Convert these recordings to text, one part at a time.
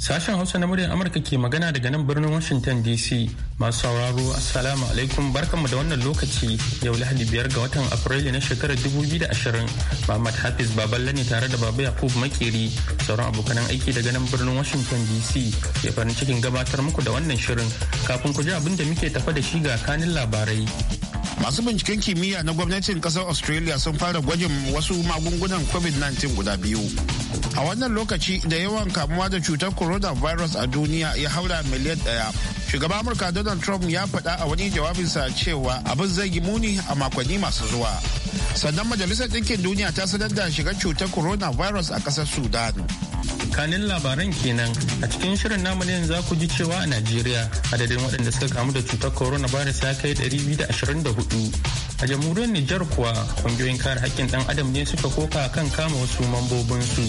Sashen Hausa na muryar Amurka ke magana daga nan birnin Washington DC. Masu sauraro Assalamu alaikum barkanmu da wannan lokaci yau Lahadi biyar ga watan Afrilu na shekarar 2020. Muhammad Hafiz Baballe ne tare da Baba Yakub Makeri sauran abokanan aiki daga nan birnin Washington DC ya farin cikin gabatar muku da wannan shirin kafin ku ji abin da muke tafa da shi ga kanin labarai. masu binciken kimiyya na gwamnatin kasar australia sun fara gwajin wasu magungunan covid-19 guda biyu a wannan lokaci da yawan kamuwa da cutar coronavirus a duniya ya haura miliyan daya shugaban amurka donald trump ya faɗa a wani jawabinsa cewa abin zai yi muni a makonni masu zuwa sannan majalisar ɗinkin duniya ta sanar da shigar cutar coronavirus a ƙasar sudan kanin labaran kenan a cikin shirin namu ne za ku ji cewa a najeriya adadin waɗanda suka kamu da cutar coronavirus ya kai 224 a jamhuriyar nijar kuwa ƙungiyoyin kare haƙƙin ɗan adam ne suka koka kan kama wasu mambobinsu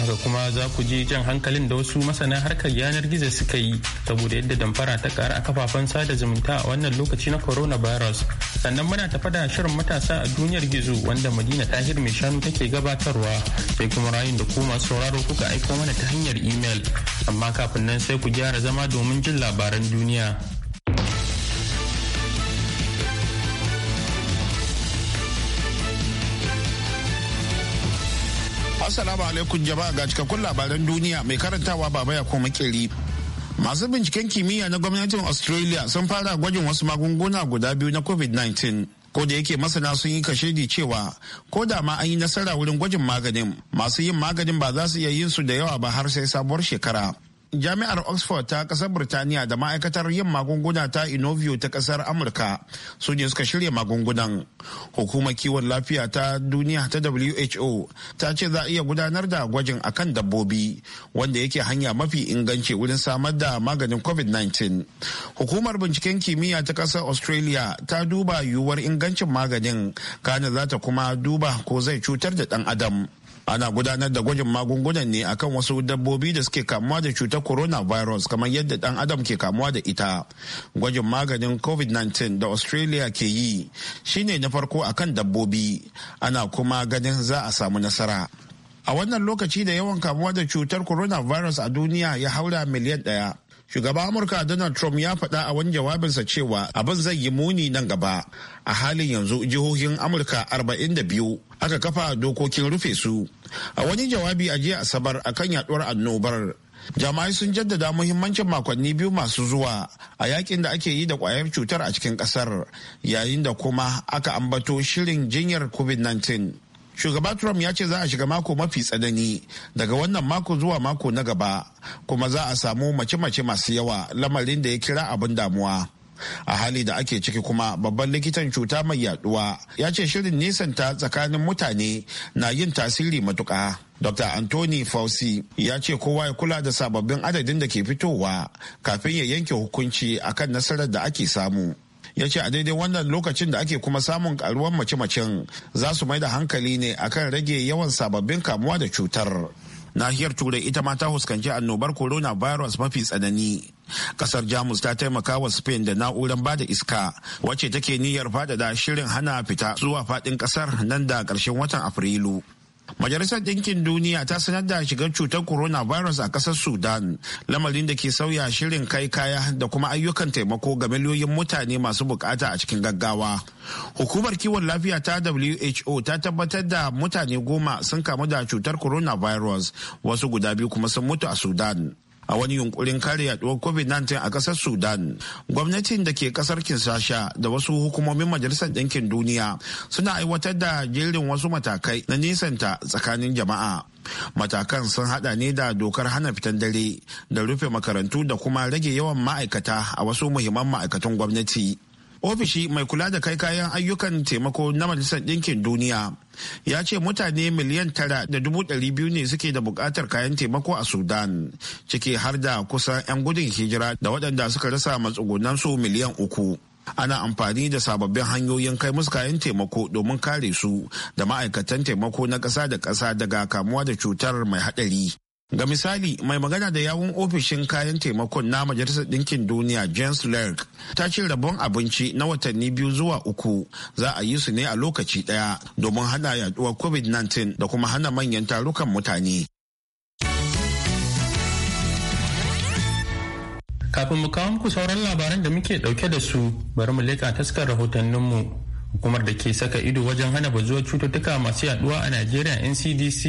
haka kuma za ku ji jan hankalin da wasu masana harkar yanar gizo suka yi saboda yadda damfara ta kara a kafafen sada zumunta a wannan lokaci na coronavirus sannan muna tafa da shirin matasa a duniyar gizo wanda madina tahir mai shanu take gabatarwa sai kuma rayun da ku masu sauraro kuka aiko mana ta hanyar email amma kafin nan sai ku gyara zama domin jin labaran duniya. Assalamu alaikum jama'a ga cikakkun labaran duniya mai karantawa baba ya koma kiri. Masu binciken kimiyya na gwamnatin Australia sun fara gwajin wasu magunguna guda biyu na COVID-19. Ko da yake masana sun yi kashedi cewa ko da ma an yi nasara wurin gwajin maganin masu yin maganin ba za su iya yin su da yawa ba har sai sabuwar shekara. jami'ar oxford ta kasar birtaniya da ma'aikatar yin magunguna ta inovio ta kasar amurka su ne suka shirya magungunan hukumar kiwon lafiya ta duniya ta who ta ce za a iya gudanar da gwajin akan dabbobi wanda yake hanya mafi inganci wurin samar da maganin covid-19 hukumar binciken kimiyya ta kasar australia ta duba yiwuwar ingancin maganin kana za ta kuma duba ko zai cutar da ɗan adam ana gudanar da gwajin magungunan ne akan wasu dabbobi da suke kamuwa da cutar coronavirus kamar yadda dan adam ke kamuwa da ita gwajin maganin covid-19 da australia ke yi shine na farko akan dabbobi ana kuma ganin za a samu nasara a wannan lokaci da yawan kamuwa da cutar coronavirus a duniya ya haura miliyan ɗaya shugaban amurka donald trump ya faɗa a wani jawabinsa cewa abin zai yi muni nan gaba a halin yanzu jihohin amurka 42 aka kafa dokokin rufe su a wani jawabi a jiya asabar a kan yaduwar annobar jama'ai sun jaddada muhimmancin makonni biyu masu zuwa a yakin da ake yi da kwayar cutar a cikin kasar yayin da kuma aka ambato shirin jinyar covid-19 shugaba trump ya ce za a shiga mako mafi tsanani daga wannan mako zuwa mako na gaba kuma za a samu mace-mace masu yawa lamarin da ya kira abin damuwa a hali da ake ciki kuma babban likitan cuta mai yaduwa ya ce shirin nisanta tsakanin mutane na yin tasiri matuka dr anthony fauci ya ce kowa ya kula da sababbin adadin da ke fitowa kafin ya yanke hukunci akan nasarar da ake samu ya ce a daidai wannan lokacin da ake kuma samun karuwan mace-macen za su mai da hankali ne akan rage yawan sababbin kamuwa da cutar nahiyar turai ita ma ta huskanci annobar corona virus mafi tsanani kasar jamus ta taimaka wa spain da na'urar bada iska wacce take niyyar fadada shirin hana fita zuwa fadin kasar nan da karshen watan afrilu Majalisar Ɗinkin Duniya ta sanar da shigar cutar coronavirus a ƙasar Sudan, lamarin da ke sauya shirin kai kaya da kuma ayyukan taimako ga miliyoyin mutane masu bukata a cikin gaggawa. Hukumar kiwon lafiya ta WHO ta tabbatar da mutane goma sun kamu da cutar coronavirus, wasu guda biyu kuma sun mutu a Sudan. a wani yunkurin kare yaduwar covid-19 a kasar sudan gwamnatin da ke kasar kinsasha da wasu hukumomin majalisar ɗinkin duniya suna aiwatar da jerin wasu matakai na nisanta tsakanin jama'a matakan sun hada ne da dokar hana fitan dare da rufe makarantu da kuma rage yawan ma'aikata a wasu muhimman ma'aikatan gwamnati ofishi mai kula da kai kayan ayyukan taimako na majalisar ɗinkin duniya ya ce mutane miliyan tara da dubu ɗari biyu ne suke da buƙatar kayan taimako a sudan ciki har da kusan 'yan gudun hijira da waɗanda suka rasa matsugunansu miliyan uku ana amfani da sababbin hanyoyin kai musu kayan taimako domin kare su da ma'aikatan taimako na ƙasa da ƙasa daga kamuwa da cutar mai haɗari Ga misali, mai magana da yawun ofishin kayan taimakon na Majalisar Ɗinkin Duniya James Lerk ta ce rabon abinci na watanni biyu zuwa uku za a yi su ne a lokaci ɗaya domin hana yaduwar COVID-19 da kuma hana manyan tarukan mutane. Kafin mu kawo muku sauran labaran da muke dauke da su, bari mu leƙa taskar rahotanninmu. hukumar da ke saka ido wajen hana bazuwar cututtuka masu yaduwa a najeriya ncdc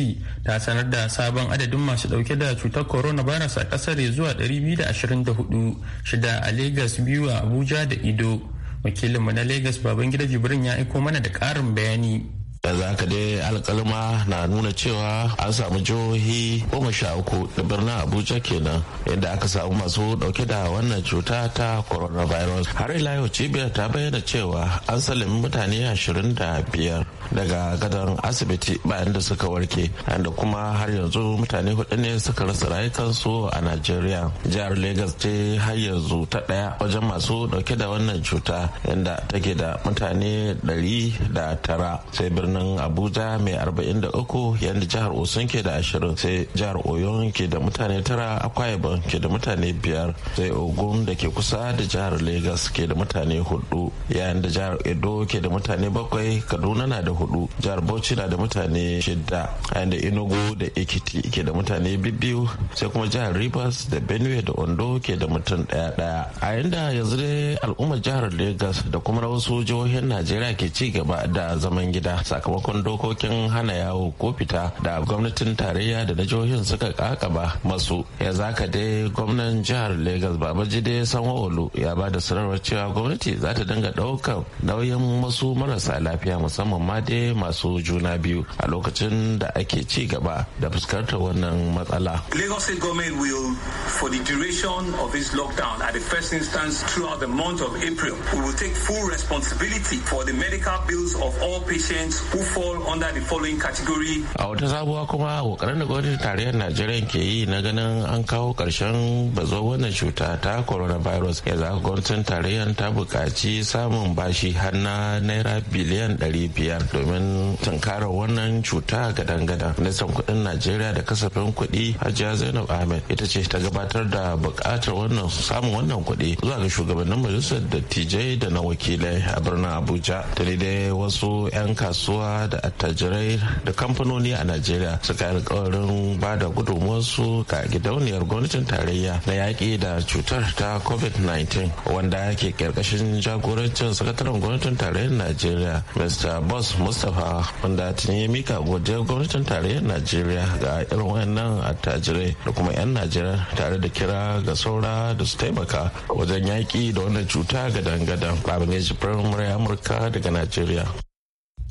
ta sanar da sabon adadin masu dauke da cutar corona virus a kasar zuwa 224 shida a lagos biyu a abuja da ido wakilinmu na lagos babangida jibrin ya aiko mana da karin bayani yanzu haka dai alkalma na nuna cewa an samu jihohi goma sha uku da birnin abuja kenan inda aka samu masu dauke da wannan cuta ta coronavirus har ila yau cibiyar ta bayyana cewa an sallami mutane ashirin da biyar daga gadon asibiti bayan da suka warke da kuma har yanzu mutane hudu ne suka rasa rayukansu a najeriya jihar lagos ce har yanzu ta daya wajen masu dauke da wannan cuta inda take da mutane dari da tara sai birnin abuja mai arba'in da uku yadda jihar osun ke da ashirin sai jihar oyo ke da mutane tara akwaibon ke da mutane biyar sai ogun da ke kusa da jihar lagos ke da mutane hudu yayin da jihar edo ke da mutane bakwai kaduna na da hudu hudu jihar bauchi na da mutane shidda a yanda enugu da ekiti ke da mutane biyu sai kuma jihar rivers da benue da ondo ke da mutum daya daya a yanda yanzu dai al'ummar jihar lagos da kuma na wasu jihohin najeriya ke ci gaba da zaman gida sakamakon dokokin hana yawo ko fita da gwamnatin tarayya da na jihohin suka kakaba masu ya zaka dai gwamnan jihar lagos babajide sanwo-olu ya ba da sanarwar cewa gwamnati za ta dinga ɗaukar nauyin wasu marasa lafiya musamman ma dai masu juna biyu a lokacin da ake ci gaba da fuskantar wannan matsala. Lagos State government will for the duration of this lockdown at the first instance throughout the month of April we will take full responsibility for the medical bills of all patients who fall under the following category. A wata sabuwa kuma kokarin da gwamnatin tarayyar Najeriya ke yi na ganin an kawo karshen bazo wannan cuta ta coronavirus ya zaka gwamnatin tarayyar ta buƙaci samun bashi har na naira biliyan 500 domin tankarar wannan cuta ga dan gadan ministan kudin najeriya da kasafin kuɗi hajiya zainab ahmed ita ce ta gabatar da buƙatar wannan samun wannan kuɗi zuwa ga shugabannin majalisar dattijai da na wakilai a birnin abuja da dai wasu 'yan kasuwa da attajirai da kamfanoni a najeriya suka yi alkawarin ba da gudunmuwarsu ga gidauniyar gwamnatin tarayya na yaƙi da cutar ta covid-19 wanda ke ƙarƙashin jagorancin sakataren gwamnatin tarayyar najeriya mr boss mustapha wanda tun ya mika godiyar gwamnatin tarayyar najeriya ga irin wayannan attajirai da kuma 'yan najeriya tare da kira ga saura da su taimaka wajen yaƙi da wannan cuta ga dangadan babangida jibirin murai amurka daga najeriya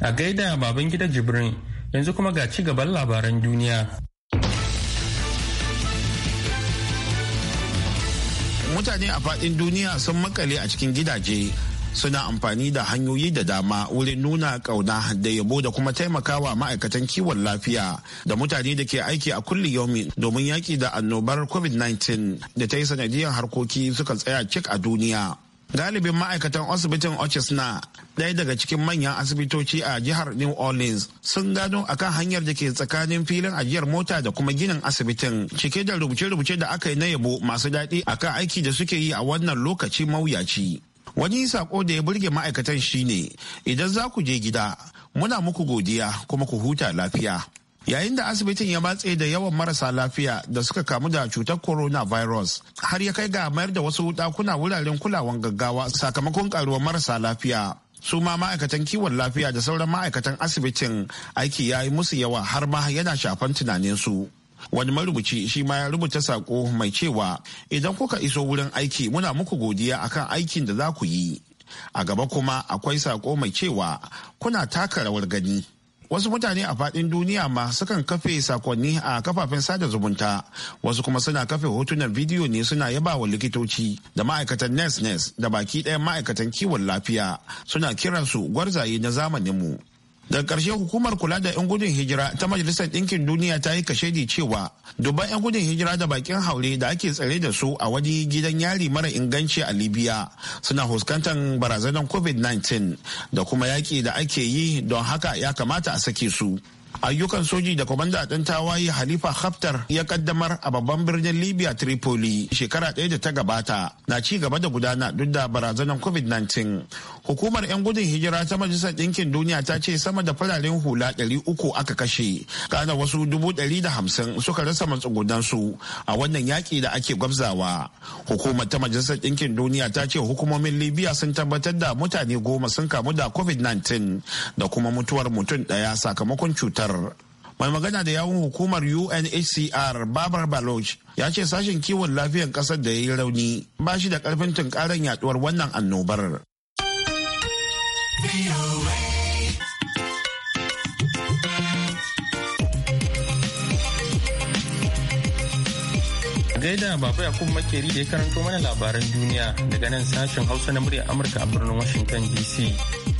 a gaida gida jibrin yanzu kuma ga ci gaban labaran duniya mutane a faɗin duniya sun makale a cikin gidaje suna amfani da hanyoyi da dama wurin nuna kauna da yabo da kuma taimakawa ma'aikatan kiwon lafiya da mutane da ke aiki a kulli yomi domin yaki da annobar covid-19 da ta yi sanadiyar harkoki suka tsaya cik a duniya galibin ma'aikatan asibitin ochesna ɗaya daga cikin manyan asibitoci a jihar new orleans sun gano akan hanyar da ke tsakanin filin ajiyar mota da kuma ginin asibitin cike da rubuce-rubuce da aka yi na yabo masu daɗi akan aiki da suke yi a wannan lokaci mawuyaci wani sako da ya burge ma'aikatan shine idan za ku je gida muna muku godiya kuma ku huta lafiya yayin da asibitin ya matse da yawan marasa lafiya da suka kamu da cutar coronavirus har ya kai ga mayar da wasu dakuna wuraren kulawan gaggawa sakamakon karuwar marasa lafiya su ma ma'aikatan kiwon lafiya da sauran ma'aikatan asibitin aiki ya yi musu yawa har ma yana shafan tunaninsu wani marubuci shi ma ya rubuta sako mai cewa idan kuka iso wurin aiki muna muku godiya akan aikin da za ku yi a gaba kuma akwai sako mai cewa kuna taka rawar gani wasu mutane a faɗin duniya ma sukan kafe sakonni a kafafen sada zumunta wasu kuma suna kafe hotunan bidiyo ne suna yaba wa likitoci da ma'aikatan nes nes da baki ɗaya ma'aikatan kiwon lafiya suna kiransu gwarzaye na zamaninmu daga ƙarshe hukumar kula da 'yan gudun hijira ta majalisar ɗinkin duniya ta yi kashedi cewa dubban 'yan gudun hijira da bakin haure da ake tsare da su a wani gidan yari mara inganci a libya suna fuskantar barazanar covid-19 da kuma yaƙi da ake yi don haka ya kamata a sake su ayyukan soji da kwamanda ɗin tawaye halifa haftar ya kaddamar a babban birnin libya tripoli shekara ɗaya da ta gabata na ci gaba da gudana duk da barazanar covid-19 hukumar 'yan gudun hijira ta majalisar ɗinkin duniya ta ce sama da fararen hula 300 aka kashe kana wasu 150 suka rasa su a wannan yaƙi da ake gwabzawa hukumar ta majalisar ɗinkin duniya ta ce hukumomin libya sun tabbatar da mutane goma sun kamu da covid-19 da kuma mutuwar mutum ɗaya sakamakon cutar mai magana da yawun hukumar unhcr babar baloch ya ce sashen kiwon lafiyan kasar da ya yi rauni ba shi da karfin tunkarar yaduwar wannan annobar Gaida Baba Yakubu Makeri da ya karanto mana labaran duniya daga nan sashen Hausa na murya Amurka a birnin Washington DC.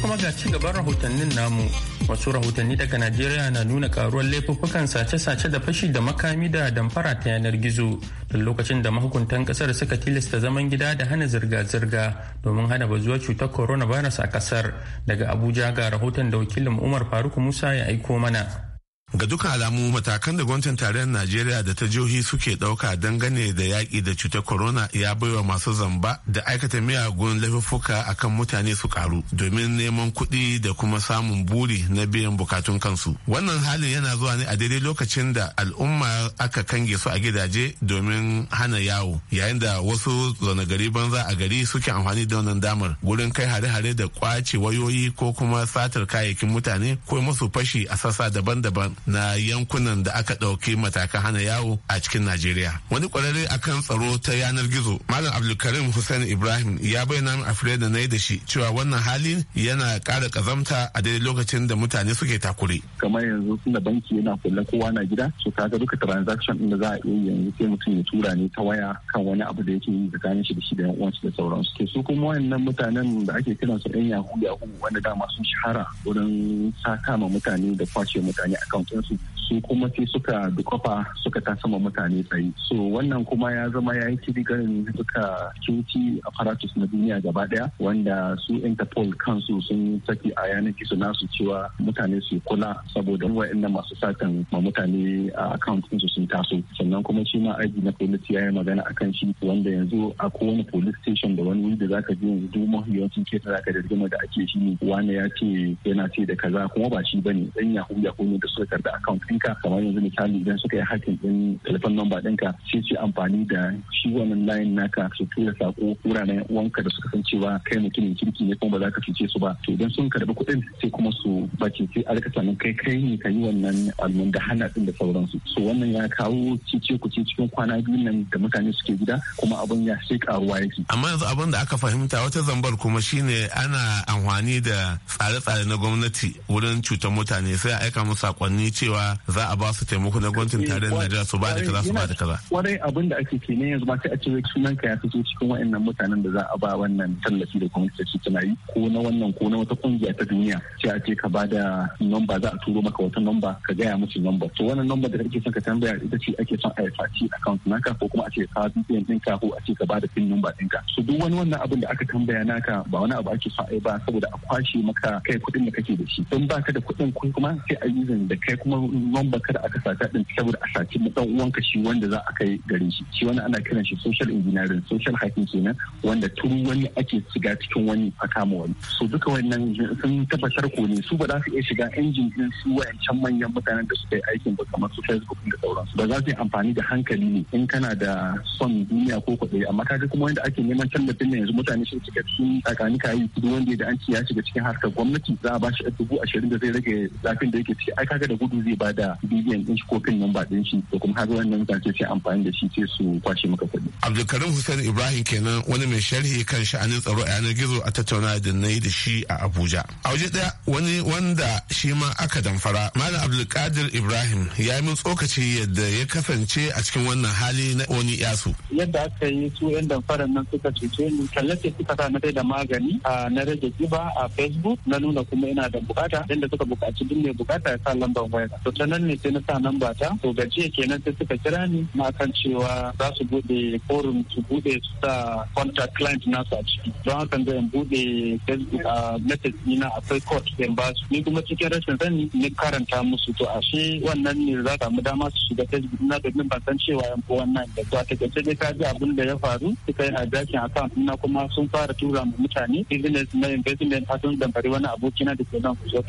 kuma ga ci gaban rahotannin namu wasu rahotanni daga najeriya na nuna karuwar laifuffukan sace-sace da fashi da makami da damfara ta yanar gizo da lokacin da mahukuntan kasar suka tilasta zaman gida da hana zirga-zirga domin hana bazuwar cutar coronavirus a kasar daga abuja ga rahoton da wakilin umar faruk musa ya aiko mana ga duka alamu matakan da gwamnatin tarayyar najeriya da ta jihohi suke dauka dangane da yaƙi da cutar corona ya baiwa masu zamba da aikata miyagun laifuffuka akan mutane su karu domin neman kuɗi da kuma samun buri na biyan bukatun kansu wannan halin yana zuwa ne a daidai lokacin da al'umma aka kange su a gidaje domin hana yawo yayin da wasu zaune gari banza a gari suke amfani da wannan damar gurin kai hare-hare da kwace wayoyi ko kuma satar kayayyakin mutane ko masu fashi a sassa daban-daban na yankunan da aka ɗauki matakan hana yawo a cikin Najeriya. Wani ƙwararre akan tsaro ta yanar gizo, Malam Abdulkarim Hussein Ibrahim ya bayyana min afire da na yi da shi cewa wannan hali yana ƙara ƙazamta a daidai lokacin da mutane suke takure. Kamar yanzu tunda banki yana kula kowa na gida, so kaga duka transaction ɗin da za a iya yanzu sai mutum ya tura ne ta waya kan wani abu da yake yi tsakanin shi da shi da yan uwansu da sauransu. To su kuma wayannan mutanen da ake kiran su 'yan yahu yahu wanda dama sun shahara wurin sa kama mutane da kwace mutane akan Gracias. su kuma sai suka dukofa suka ta sama mutane tsaye so wannan kuma ya zama ya yi kirigarin suka cuci apparatus na duniya gaba daya wanda su interpol kansu sun saki a yanar gizo nasu cewa mutane su kula saboda inda masu satan ma mutane a account su sun taso sannan kuma shi ma aiki na police ya yi magana akan shi wanda yanzu a kowane police station da wani wanda da zaka je yanzu duk mahiyancin ke zaka da rigima da ake shi ne wani ya ce yana ce da kaza kuma ba shi ne. dan yahu yahu ne da suka karɓi account din ka kamar yanzu misali idan suka yi hakin ɗin telefon namba ɗinka sai ci amfani da shi wannan layin naka su tura sako wuraren wanka da suka san cewa kai mutumin kirki ne kuma ba za ka cuce su ba to idan sun karɓi kuɗin sai kuma su bace sai a rika samun kai kai ne ka yi wannan almun da hana ɗin da sauransu so wannan ya kawo cice ku ce cikin kwana biyu nan da mutane suke gida kuma abin ya sai karuwa yake. amma yanzu abin da aka fahimta wata zambar kuma shine ana amfani da tsare-tsare na gwamnati wurin cutar mutane sai a aika musu sakonni cewa za a ba su taimako na gwamnatin tarayyar eh, Najeriya su ba da kaza su ba da kaza. Eh, kwarai abin da ake ke yanzu ba sai a cire sunan ka ya fito cikin wa'annan mutanen da za a ba wannan tallafi da ta tana yi ko na wannan ko na wata kungiya ta duniya sai a ce ka ba da nomba za a turo maka wata nomba ka gaya musu nomba to wannan nomba da kake son ka tambaya ita ce ake son a yi faci account naka ko kuma a ce ka bibiyan ɗinka ko a ce ka ba da pin nomba ɗinka so duk wani wannan abin da aka tambaya naka ba wani abu ake son a yi ba saboda a kwashe maka kai kuɗin da kake da shi don baka da kuɗin kuma sai a yi da kai kuma neman bakar aka saka din saboda a saci dan ka shi wanda za a kai gare shi shi wani ana kiran shi social engineering social hacking kenan wanda tun wani ake shiga cikin wani fakama wani so duka wannan sun tabbatar ko ne su ba za su iya shiga injin din su wayancan manyan mutanen da suka yi aikin ba kamar su facebook da sauransu ba za su yi amfani da hankali ne in kana da son duniya ko kuɗi amma kaga kuma wanda ake neman tallafin ne yanzu mutane sun shiga cikin tsakani kayi duk wanda da an ci ya shiga cikin harkar gwamnati za a ba shi dubu ashirin da zai rage zafin da yake ciki ai kaga da gudu zai ba da da ɗin shi ko pin number ɗin shi ko kuma har wannan mutane sai amfani da shi sai su kwashe maka kuɗi. Abdulkarim Hussein Ibrahim kenan wani mai sharhi kan sha'anin tsaro a yanar gizo a tattauna da na yi da shi a Abuja. A waje ɗaya wani wanda shi ma aka damfara Malam Abdulkadir Ibrahim ya yi min tsokaci yadda ya kasance a cikin wannan hali na wani yasu. Yadda aka yi su 'yan damfaran nan suka cece ni tallace suka sa na kai da magani na rage kiba a Facebook na nuna kuma ina da bukata inda suka bukaci duk mai bukata ya sa lambar waya. nan ne sai na sa nan bata to gajiya kenan sai suka kira ni na kan cewa za su bude forum su bude su sa contact client su a ciki don haka zan bude facebook a message ina akwai court yan ba su ni kuma cikin rashin sani ni karanta musu to ashe wannan ne za mu dama su shiga facebook na domin ban san cewa yan ko wannan da to a takaice ne ka ji abin da ya faru suka yi hijacking account na kuma sun fara tura mu mutane business na investment a sun damfari wani abokina da ke nan ku zo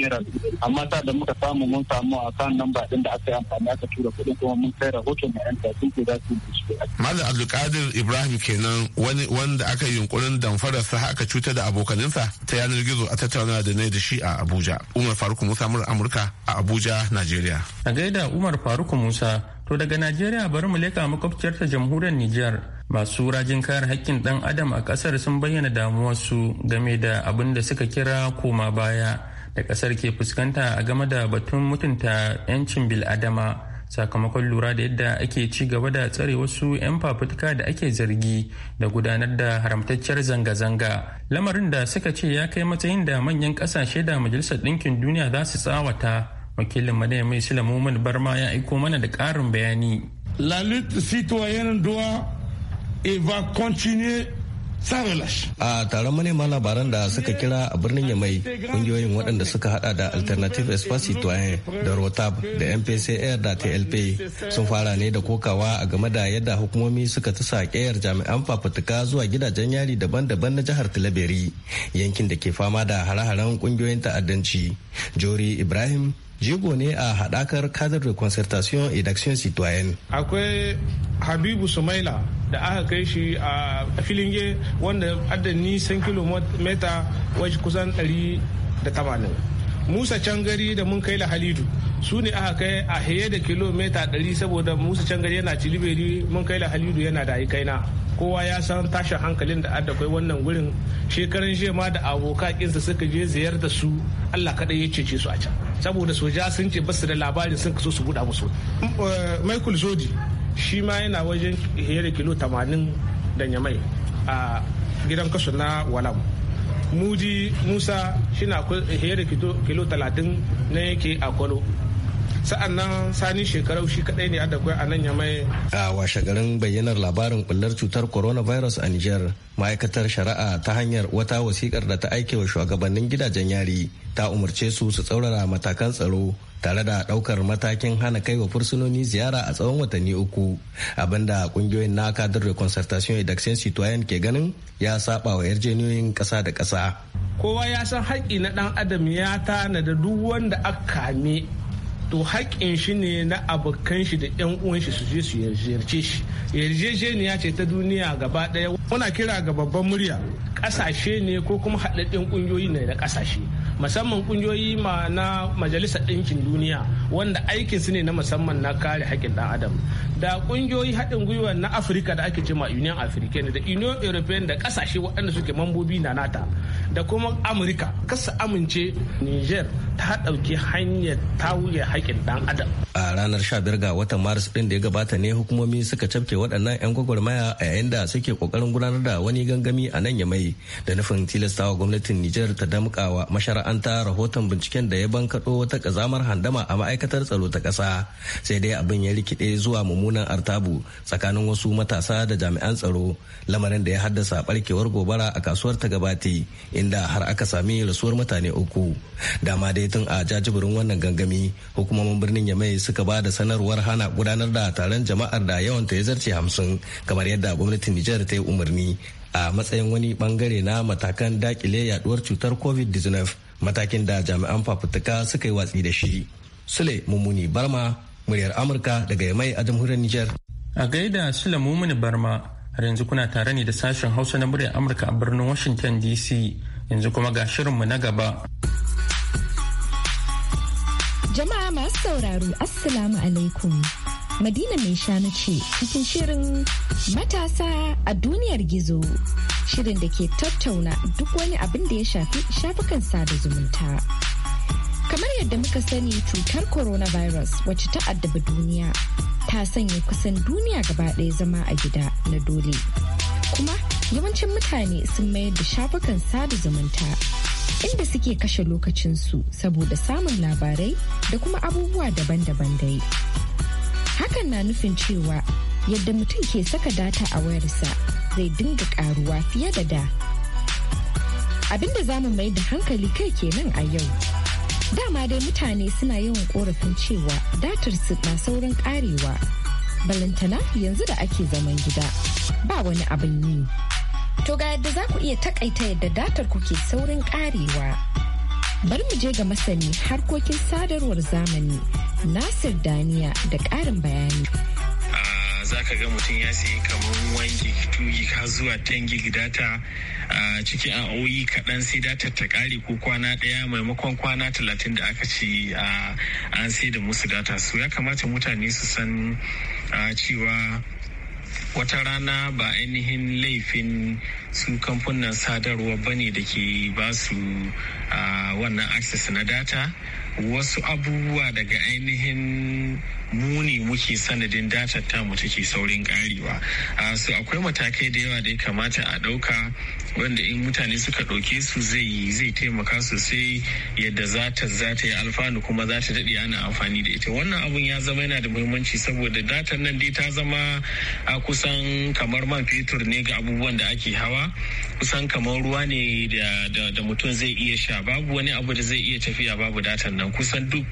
amma sa da muka samu mun samu account nan lamba din da aka yi amfani aka tura kuɗin kuma mun kai rahoton na yan sun ke za su bincike. Malam Abdulkadir Ibrahim kenan wani wanda aka yi yunkurin damfarar sa aka cutar da abokaninsa ta yanar gizo a tattauna da ne da shi a Abuja. Umar Faruk Musa mura Amurka a Abuja, Najeriya. A gaida Umar Faruk Musa to daga Najeriya bari mu leka makwabciyar ta jamhuriyar Nijar. masu rajin kare hakkin ɗan adam a ƙasar sun bayyana damuwarsu game da abin da suka kira koma baya da kasar ke fuskanta a game da batun mutunta 'yancin bil'adama sakamakon lura da yadda ake ci gaba da tsare wasu 'yan fafutuka da ake zargi da gudanar da haramtacciyar zanga-zanga lamarin da suka ce ya kai matsayin da manyan kasashe da majalisar ɗinkin duniya za su tsawata wakilin madaya mai silamumin barma ya aiko mana da ƙarin bayani la lutte citoyenne doit et va continuer A taron manema labaran da suka kira a birnin Yamai, kungiyoyin waɗanda suka hada da Alternative Espace da Rotab da MPC da TLP sun fara ne da kokawa a game da yadda hukumomi suka ta saƙeyar jami'an fafutuka zuwa gidajen yari daban-daban na jihar Tilaberi, yankin da ke fama da hare-haren kungiyoyin ta'addanci. Jori Ibrahim jigo ne a hadakar kadar da concertation et d'action citoyenne akwai habibu sumaila da aka kai shi a filinge wanda adda nisan kilomita waje kusan 180 musa cangari da mun kai la halidu su ne aka kai a haye da kilomita 100 saboda musa cangari yana ciliberi mun kai la halidu yana da na kowa ya san tashin hankalin da kai wannan gurin shekaran jiya ma da abokakinsa suka je ziyarta su allah kaɗai ya cece su a can saboda soja sun ce basu da labarin sun kaso su buɗa musu eh, michael zodi shi ma yana wajen da kilo 80 da nyamai a gidan kasu na walam mudi musa shina na hera kilo talatin na yake a kwalo sa'an nan sani shekarau shi kadai ne da kwai a nan ya mai a washe garin bayyanar labarin bullar cutar coronavirus a niger ma'aikatar shari'a ta hanyar wata wasikar da ta aike wa shugabannin gidajen yari ta umarce su su tsaurara matakan tsaro tare da ɗaukar matakin hana kai wa fursunoni ziyara a tsawon watanni uku abinda ƙungiyoyin na kadar da concertation et d'action citoyen ke ganin ya saba wa yarjejeniyoyin ƙasa da ƙasa kowa ya san haƙƙi na ɗan adam ya tana da duk wanda aka kame to haƙƙin shi ne na abokan shi da yan uwan shi su je su shi yarjejeniya ce ta duniya gaba ɗaya muna kira ga babban murya ƙasashe ne ko kuma haɗaɗɗen ƙungiyoyi ne da ƙasashe musamman kungiyoyi na majalisar ɗinkin duniya wanda su ne na musamman na kare haƙƙin ɗan adam da ƙungiyoyi haɗin gwiwa na afirka da ake cema union african da union european da ƙasashe waɗanda suke mambobi na nata da kuma amurka kasa amince niger ta ɗauki hanyar tawuye haƙƙin ɗan adam a ranar 15 ga watan maris din da ya gabata ne hukumomi suka cafke waɗannan 'yan gwagwarmaya a yayin da suke ƙoƙarin gudanar da wani gangami a nan ya mai. da nufin tilastawa gwamnatin niger ta damƙawa mashara'anta rahoton binciken da ya bankaɗo wata kazamar handama a ma'aikatar tsaro ta ƙasa sai dai abin ya rikide zuwa mummunan artabu tsakanin wasu matasa da jami'an tsaro lamarin da ya haddasa barkewar gobara a kasuwar ta gabati inda har aka sami rasuwar mutane uku dama dai tun a jajibirin wannan gangami hukumomin birnin yamai suka ba da sanarwar hana gudanar da taron jama'ar da yawan ta ya zarce hamsin kamar yadda gwamnatin nijar ta yi umarni a matsayin wani bangare na matakan dakile yaduwar cutar covid-19 matakin da jami'an fafutuka suka yi watsi da shi sule mummuni barma muryar amurka daga yamai a jamhuriyar nijar a gaida sule mummuni barma har yanzu kuna tare ne da sashen hausa na muryar amurka a birnin washington dc yanzu kuma ga shirinmu na gaba. Jama'a masu sauraro Assalamu alaikum. Madina mai shanu ce cikin shirin matasa a duniyar gizo. Shirin da ke tattauna duk wani abin da ya shafi shafukan sada zumunta. Kamar yadda muka sani cutar coronavirus wacce ta addaba duniya ta sanya kusan duniya gaba ɗaya zama a gida na dole. Kuma yawancin mutane sun mayar da shafukan sada zumunta inda suke kashe lokacinsu saboda samun labarai da kuma abubuwa daban-daban dai. Hakan na nufin cewa yadda mutum ke saka data a wayarsa zai dinga karuwa fiye da da. Abinda za mu mai da hankali kai kenan a yau. Dama dai mutane suna yawan korafin cewa datar su na saurin karewa. Balantana yanzu da ake zaman gida ba wani abin yi. To ga yadda za ku iya takaita yadda datar ku ke saurin karewa. Bari mu je ga masani harkokin sadarwar zamani Nasir Daniya da ƙarin bayani. za ka ga mutum ya sayi kamar 1 gig 2 gig har zuwa 10 gig data a cikin oyi kaɗan sai data ta ƙare ko kwana ɗaya maimakon kwana talatin da aka ce an sai da musu data su ya kamata mutane su san cewa wata rana ba ainihin laifin su kamfanin sadarwa ba ne da ke ba su ah, wannan access na data wasu abubuwa daga ainihin muni muke sanadin datar mu take saurin karewa so akwai matakai da yawa da ya kamata a ɗauka wanda in mutane suka ɗauke su zai zai taimaka sosai yadda za ta za ta yi alfanu kuma za ta daɗe ana amfani da ita wannan abun ya zama yana da muhimmanci saboda datar nan dai ta zama a kusan kamar man fetur ne ga abubuwan da ake hawa kusan kamar ruwa ne da mutum zai iya sha babu wani abu da zai iya tafiya babu datar nan kusan duk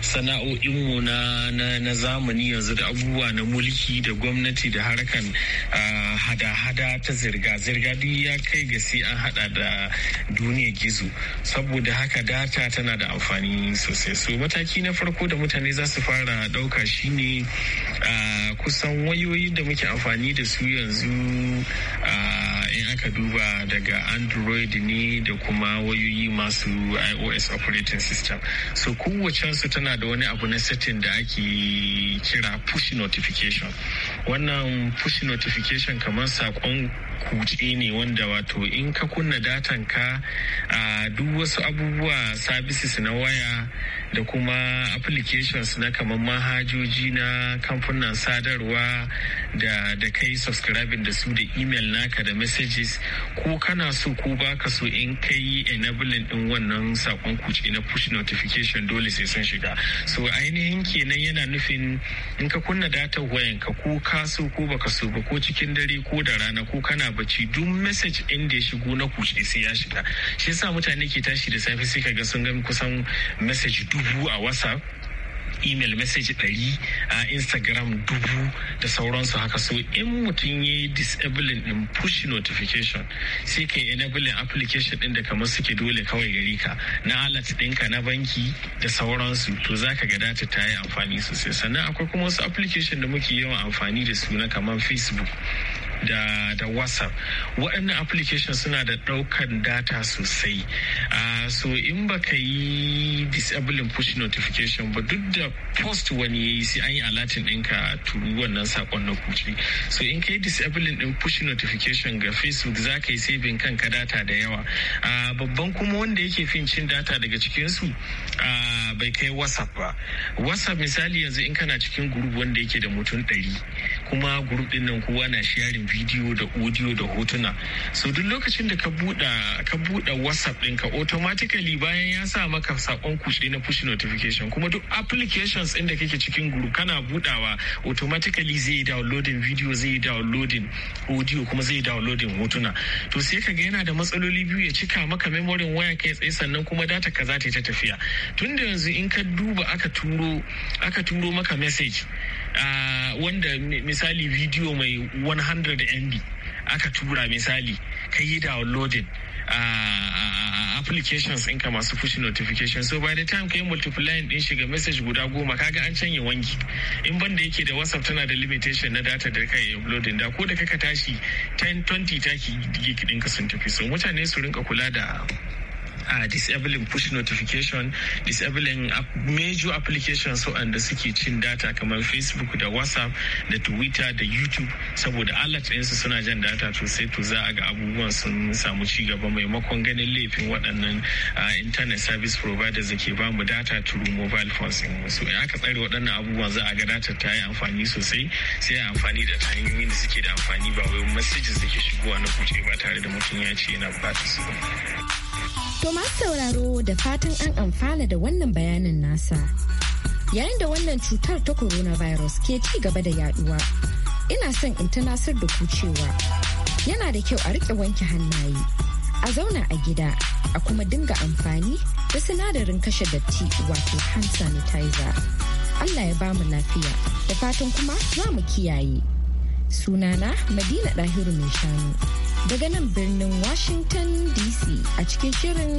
sana'o'inmu na na zamani yanzu da abubuwa na mulki da gwamnati da harkan ah, hada-hada ta zirga-zirga duk ya kai ga sai an hada da duniya gizo saboda haka data tana da amfani sosai so mataki na farko da mutane za su fara dauka shine ah, kusan wayoyi da muke amfani da su yanzu ah, in aka duba daga android ne da kuma wayoyi masu ios operating system so kowace su tana da wani abu na setting da ake kira push notification wannan push notification kamar saƙon kuce ne wanda wato in ka kunna datan ka a duk wasu abubuwa services na waya da kuma applications na kamar manhajoji na kamfunan sadarwa da da kai subscribing da su da email naka da messages ko kana so ko baka so in kai enabling din wannan sakon kuce na push notification dole sai sun shiga so ainihin kenan yana nufin in ka kunna data wayanka ko ka so ko baka so ba ko cikin dare ko da rana ko kana bacci duk message in da ya shigo na kuce sai ya shiga shi yasa mutane ke tashi da safe sai ga sun ga kusan message dubu a whatsapp email message ɗari a instagram dubu da sauransu haka so in mutum ya yi disabling din push notification sai ka enabling application ɗin da kamar suke dole kawai gari ka na alert ɗinka na banki da sauransu to za ka gada ta yi amfani sosai sannan akwai kuma wasu application da muke yawan amfani da su na kamar facebook da, da whatsapp waɗannan application suna da ɗaukan data sosai uh, so in ba ka yi disabling push notification ba duk da post wani ya yi sai an yi alatin ɗinka turu wannan sakon na kuci so in ka yi disabling ɗin push notification ga facebook za ka yi saving kanka data da yawa uh, babban kuma wanda yake fin cin data daga cikinsu uh, bai kai whatsapp ba whatsapp misali yanzu in kana cikin group wanda yake da mutum ɗari kuma gurup din nan kowa na sharing video da audio da hotuna so duk lokacin da ka buɗa ka buɗa whatsapp ɗinka automatically bayan ya sa maka sakon kushe na push notification kuma duk applications ɗin da kake cikin group kana buɗawa automatically zai yi downloading video zai yi downloading audio kuma zai yi downloading hotuna to sai ka ga yana da matsaloli biyu ya cika maka memory waya kai tsaye sannan kuma data ka za ta yi ta tafiya tunda yanzu in ka duba aka turo aka turo maka message wanda misali video mai 100 MB aka tura misali ka yi downloading uh, applications ɗinka masu push notification so by the time kayi multiply ɗin shiga message guda goma kaga an canye wangi in banda yake da whatsapp tana da limitation na data da kai uploading da ko da kaka tashi 10 20 taki gig ɗinka sun tafi so mutane su rinka kula da uh, disabling push notification disabling major applications waɗanda suke cin data kamar facebook da whatsapp da twitter da youtube saboda alert ɗinsu suna jan data to sai to za a ga abubuwan sun samu ci gaba maimakon ganin laifin waɗannan uh, internet service providers da ke ba mu data through mobile phones in so in aka tsare waɗannan abubuwan za a ga data ta yi amfani sosai sai a amfani da hanyoyin da suke da amfani ba wai messages da ke shigowa na kuce ba tare da mutum ya ce yana bukatar su ba. To masu sauraro da fatan an amfana da wannan bayanin nasa. Yayin da wannan cutar ta coronavirus ke ci gaba da yaduwa, ina son in tunasar da ku cewa yana da kyau a riƙe wanke hannaye, a zauna a gida, a kuma dinga amfani da sinadarin kashe datti wato hand sanitizer. Allah ya bamu lafiya da fatan kuma za mu kiyaye. Sunana Madina Dahiru mai shanu. daga nan birnin Washington DC a cikin shirin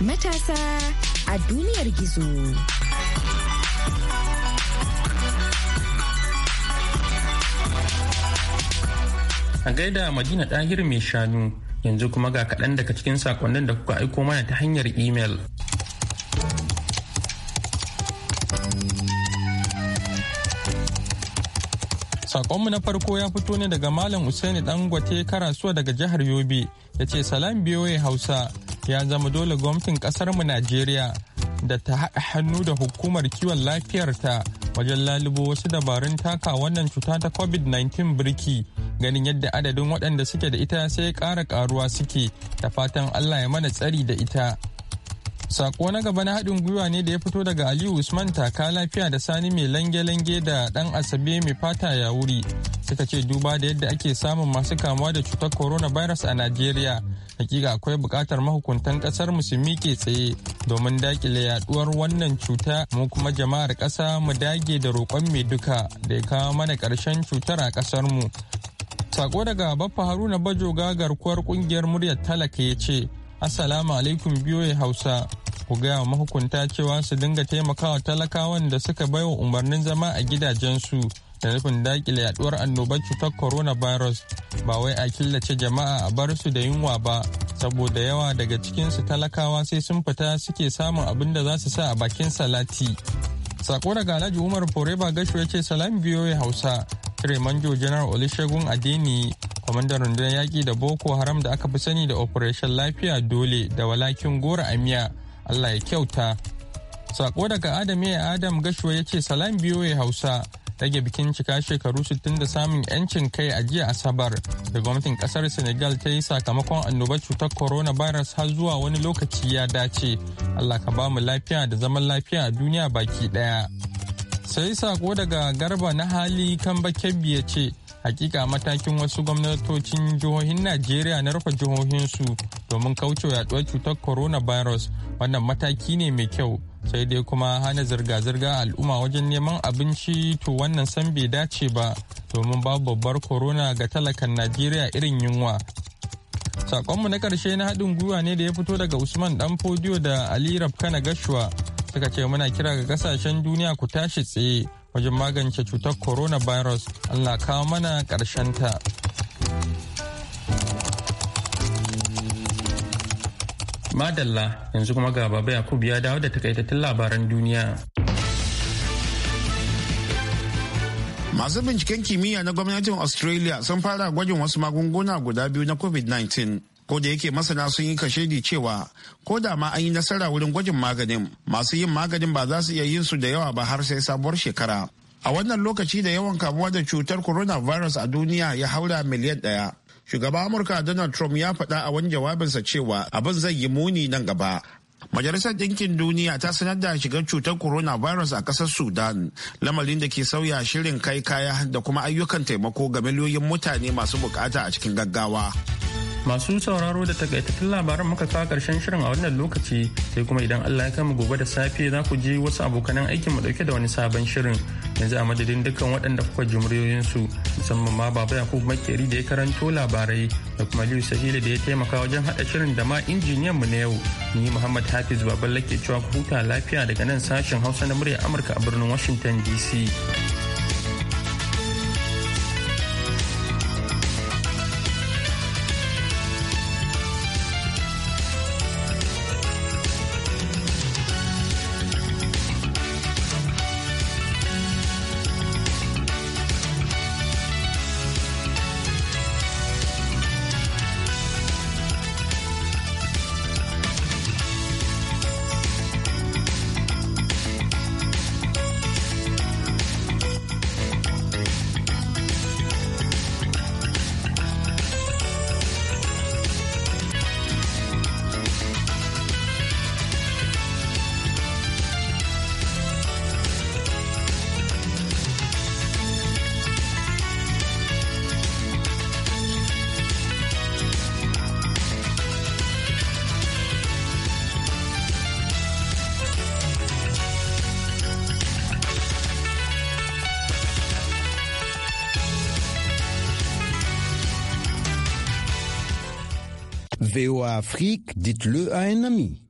matasa a duniyar gizo. A gaida Madina Dahir mai shanu yanzu kuma ga kaɗan daga cikin sakonnin da kuka aiko mana ta hanyar imel. Sakonmu na farko ya fito ne daga Malam Usaini Dangote Karasuwa daga jihar Yobe ya ce salam ya Hausa ya zama dole gwamnatin kasarmu Najeriya da ta haɗa hannu da hukumar kiwon lafiyarta wajen lalubo wasu dabarun taka wannan cuta ta COVID-19 birki ganin yadda adadin waɗanda suke da ita sai ƙara ƙaruwa suke da fatan Allah ya mana tsari da ita. Sako na gaba na haɗin gwiwa ne da ya fito daga Aliyu Usman taka lafiya da Sani mai lange-lange da ɗan Asabe mai fata ya wuri. Suka ce duba da yadda ake samun masu kamuwa da cutar coronavirus a Najeriya. Hakika akwai buƙatar mahukuntan ƙasar mu su miƙe tsaye domin daƙile yaɗuwar wannan cuta mu kuma jama'ar ƙasa mu dage da roƙon mai duka da ya kawo mana ƙarshen cutar a ƙasar mu. Sako daga Baffa Haruna Bajoga garkuwar ƙungiyar muryar talaka ya ce Assalamu alaikum biyoyi Hausa. Ku gaya wa mahukunta cewa su dinga taimakawa talakawan da suka bai wa umarnin zama a gidajensu da nufin dakile yaduwar annobar cutar coronavirus ba wai a killace jama'a a bar su da yunwa ba saboda yawa daga cikin su talakawa sai sun fita suke samun abin da za su sa a bakin salati. Sako daga Alhaji Umar Foreba Gashu ya ce salam biyoyi Hausa. Tremanjo Janar Olusegun Adeni, kwamandan rundunar yaƙi da Boko Haram da aka fi sani da Operation Lafiya Dole da walakin gora miya Allah ya kyauta. Sako daga Adam ya Adam Gashuwa ya ce salam biyo ya Hausa rage bikin cika shekaru 60 da samun 'yancin kai a jiya Asabar da gwamnatin kasar Senegal ta yi sakamakon annobar cutar coronavirus har zuwa wani lokaci ya dace. Allah ka ba mu lafiya da zaman lafiya a duniya baki daya. sai sako daga garba na hali kan kebbi ya ce hakika matakin wasu gwamnatocin jihohin najeriya na rufe jihohinsu domin kaucewa yaduwar cutar coronavirus wannan mataki ne mai kyau sai dai kuma hana zirga-zirga al'umma wajen neman abinci to wannan san bai dace ba domin babu babbar corona ga talakan najeriya irin yunwa sakonmu na karshe na haɗin gwiwa ne da ya fito daga usman dan fodiyo da ali rafkana gashuwa suka ce muna kira ga kasashen duniya ku tashi tsaye wajen magance cutar coronavirus allah kawo mana ta. madalla yanzu kuma ga baba yakubu ya dawo da takaitattun labaran duniya Masu binciken kimiyya na gwamnatin Australia sun fara gwajin wasu magunguna guda biyu na COVID-19 ko da yake masana sun yi kashedi cewa ko da ma an yi nasara wurin gwajin maganin masu yin maganin ba za su iya yin su da yawa ba har sai sabuwar shekara a wannan lokaci da yawan kamuwa da cutar coronavirus a duniya ya haura miliyan ɗaya shugaban amurka donald trump ya faɗa a wani jawabinsa cewa abin zai yi muni nan gaba Majalisar Ɗinkin Duniya ta sanar da shigar cutar coronavirus a ƙasar Sudan, lamarin da ke sauya shirin kai kaya da kuma ayyukan taimako ga miliyoyin mutane masu bukata a cikin gaggawa. Masu sauraro da takaitattun labaran muka kawo karshen shirin a wannan lokaci sai kuma idan Allah ya kama gobe da safe za ku je wasu abokanan aikin mu dauke da wani sabon shirin yanzu a madadin dukkan waɗanda kuka ji muryoyinsu musamman ma Baba kuma Makeri da ya karanto labarai da kuma Liyu sahila da ya taimaka wajen haɗa shirin da ma injiniyan mu na yau ni Muhammad Hafiz Baballe ke cewa ku huta lafiya daga nan sashen Hausa na murya Amurka a birnin Washington DC. au Afrique, dites-le à un ami.